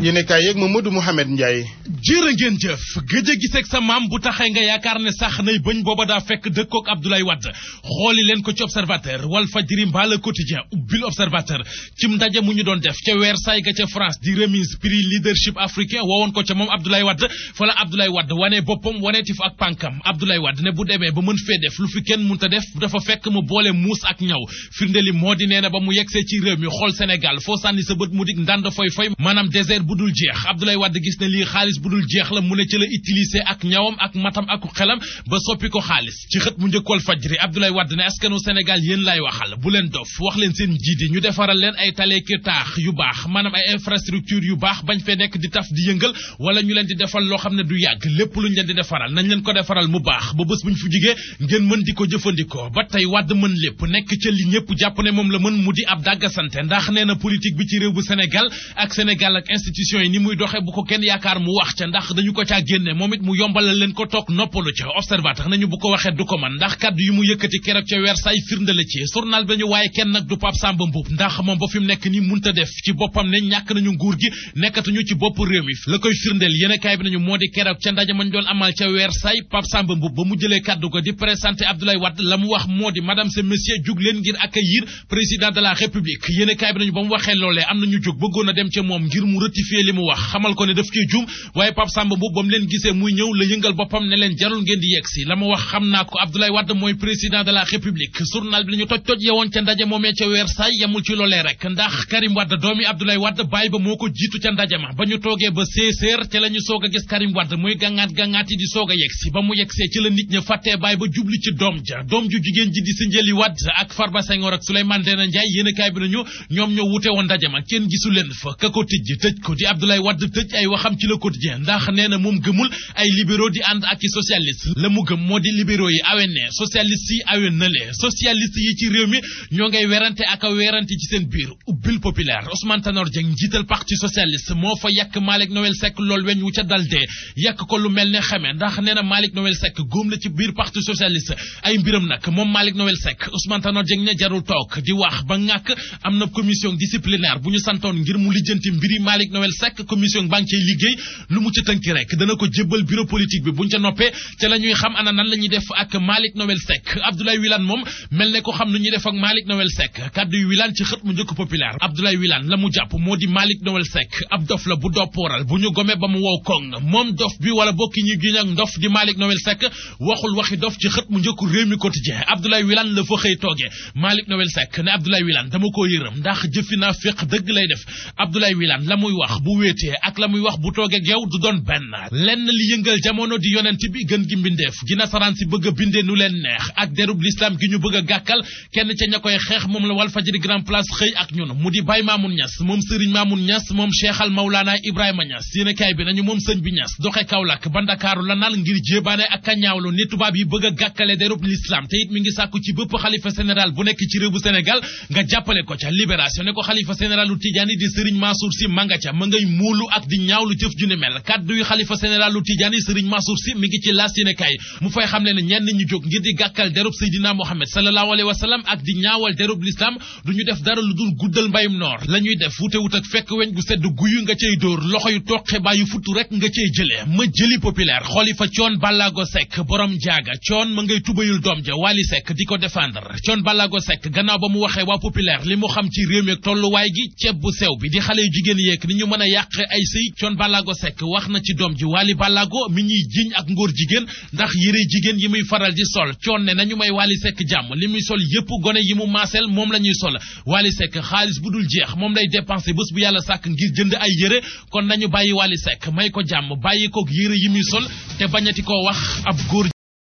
yéen kaay yeeg Mamadou Mouhamed Ndiaye ngeen jëf gëj a giseeg sa maam bu taxee nga yaakaar ne sax nay bañ booba daa fekk dëkkook Abdoulaye Wade xooli leen ko ci observateur Walf Fadjri mbaa Le Quotidien ubbil observateur ci ndaje mu ñu doon def ca Versailles ga ca France di remise prix leadership africain wowoon ko ca moom Abdoulaye Wade fa la Abdoulaye Wade wane boppam waneeti fa ak pànkam Abdoulaye Wade ne bu demee ba mën fee def lu fi kenn mënta def dafa fekk mu boole muus ak ñaw firnde li moo di nee ba mu yegsee ci réew mi xool Sénégal sa bët mu dik ndànd bu dul jeex Abdoulaye Wade gis ne lii xaalis bu dul jeex la mu ne ci la utiliser ak ñawam ak matam ak xelam ba soppi ko xaalis ci xët mu njëkkool fajri Abdoulaye Wade ne askanu Sénégal yéen lay waxal bu leen dof wax leen seen njiit ñu defaral leen ay taleeki taax yu baax maanaam ay infrastructure yu baax bañ fee nekk di taf di yëngal wala ñu leen di defal loo xam ne du yàgg lépp lu luñ leen di defaral nañ leen ko defaral mu baax ba bés buñ fu jigee ngeen mën di ko jëfandikoo ba tey Wade mën lépp nekk ca li ñëpp jàpp ne moom la mën mu di ab dàggasante ndax nee na politique bi ci réew bu Sénégal ak Sénégal ak institution institution yi ni muy doxe bu ko kenn yaakaar mu wax ca ndax dañu ko caa génne moom it mu yombalal leen ko toog noppalu ca observateur nañu bu ko waxee du ko man ndax kaddu yi mu yëkkati keroog ca Versailles firnde ci journal bi nañu waaye kenn nag du Pape Samba Mboup ndax moom ba fi nekk ni munta def ci boppam ne ñàkk nañu nguur gi nekkatuñu ci bopp réew mi la koy firndeel yéenekaay bi nañu moo di keroog ca ndaje mañ doon amal ca Versailles Pape Samba Mboup ba a rectifier li mu wax xamal ko ne daf cee juum waaye Pape Samba ba mu leen gisee muy ñëw la yëngal boppam ne leen jarul ngeen di yegg la mu wax xam naa ko Abdoulaye Wade mooy président de la République bi la toj toj yewoon ca ndaje moomee ca Versailles yemul ci loolee rek ndax Karim Wade doomi Abdoulaye Wade baay ba moo ko jiitu ca ndaje ma ba ñu toogee ba seeseer ca la ñu a gis Karim Wade muy gàngaat gàngaat di soog a yegg ba mu yegg di Abdoulaye Wade tëj ay waxam ci le quotidien ndax nee moom gëmul ay libéraux di ànd ak i socialiste la mu gëm moo di libéraux yi awen ne socialiste yi awen na lee socialiste yi ci réew mi ñoo ngay werante ak a werante ci seen biir ubbil populaire Ousmane Tanor Dieng njiital parti socialiste moo fa yàq Malick Noël Seck lool weñ wu ca dal dee yàq ko lu mel ne xamee ndax nee na Malick Noël Seck góom na ci biir parti socialiste ay mbiram nag moom Malick Noël Seck Ousmane Tanor Dieng ne jarul Noël Seck commission baa ngi cay liggéey lu mu ca tënk rek dana ko jébbal bureau politique bi buñ ca noppee ca la ñuy xam ana nan la ñuy def ak Malick Noël Seck Abdoulaye Wilane moom mel ne ko xam nu ñuy def ak Malick Noël Seck kaddu yu ci xët mu njëkk populaire Abdoulaye Wilane la mu jàpp moo di Malick Noël Seck ab dof la bu doppooral bu ñu gome ba mu wow koŋ moom dof bi wala bokki ñu giñ ak ndof di Malick Noël Seck waxul waxi dof ci xët mu njëkk réew mi ko yërëm wax bu wéetee ak la muy wax bu toogee geew du doon benn lenn li yëngal jamono di yonent bi gën gi mbindeef gi nasaraan si bëgg a bindee nu leen neex ak derub lislaam gi ñu bëgg a gàkkal kenn ca ña koy xeex moom la wal fajiri grand place xëy ak ñun mu di Baye Mamoun Niass moom Serigne Mamoun Niass moom Cheikhal Maulana Ibrahima Niass yéene bi nañu moom sëñ bi Niass doxe Kaolack ba Ndakaaru la ngir jéebaane ak kañaawlu ni tubaab yi bëgg a gàkkale derub lislaam ma ngay muulu ak di ñaawlu jëf ju ni mel kaddu yu xalifa général lu tijaani sëriñ Mansour si mi ngi ci laas yéene kaay mu fay xam le ne ñenn ñu jóg ngir di gàkkal derub Seydina Mohamed sallallahu alayhi wa sallam ak di ñaawal derub l'islam du ñu def dara lu dul guddal mbayum noor la ñuy def wute wut ak fekk weñ gu sedd guyu nga cey dóor loxo yu toqe bàyyu futtu rek nga cey jëlee ma jëli populaire xooli fa coon bàllaago sekk borom jaaga coon ma ngay tubayul doom ja ko sekk gannaaw ba mu waxee waa populaire li mu xam ci réew mi ak tolluwaay gi bu sew di xale yu jigéen mën a yàq ay sëy Thione Ballago sekk wax na ci doom ji walli Ballago mi ñuy jiñ ak ngóor jigéen ndax yëre jigéen yi muy faral di sol Thione ne nañu may Wally sekk jàmm li muy sol yëpp gone yi mu maaseel moom la ñuy sol Wally Seck xaalis bu dul jeex moom lay dépensé bés bu yàlla sàkk ngir jënd ay yëre kon nañu bàyyi Wally sekk may ko jàmm bàyyi ko yëre yi muy sol te bañati koo wax ab góor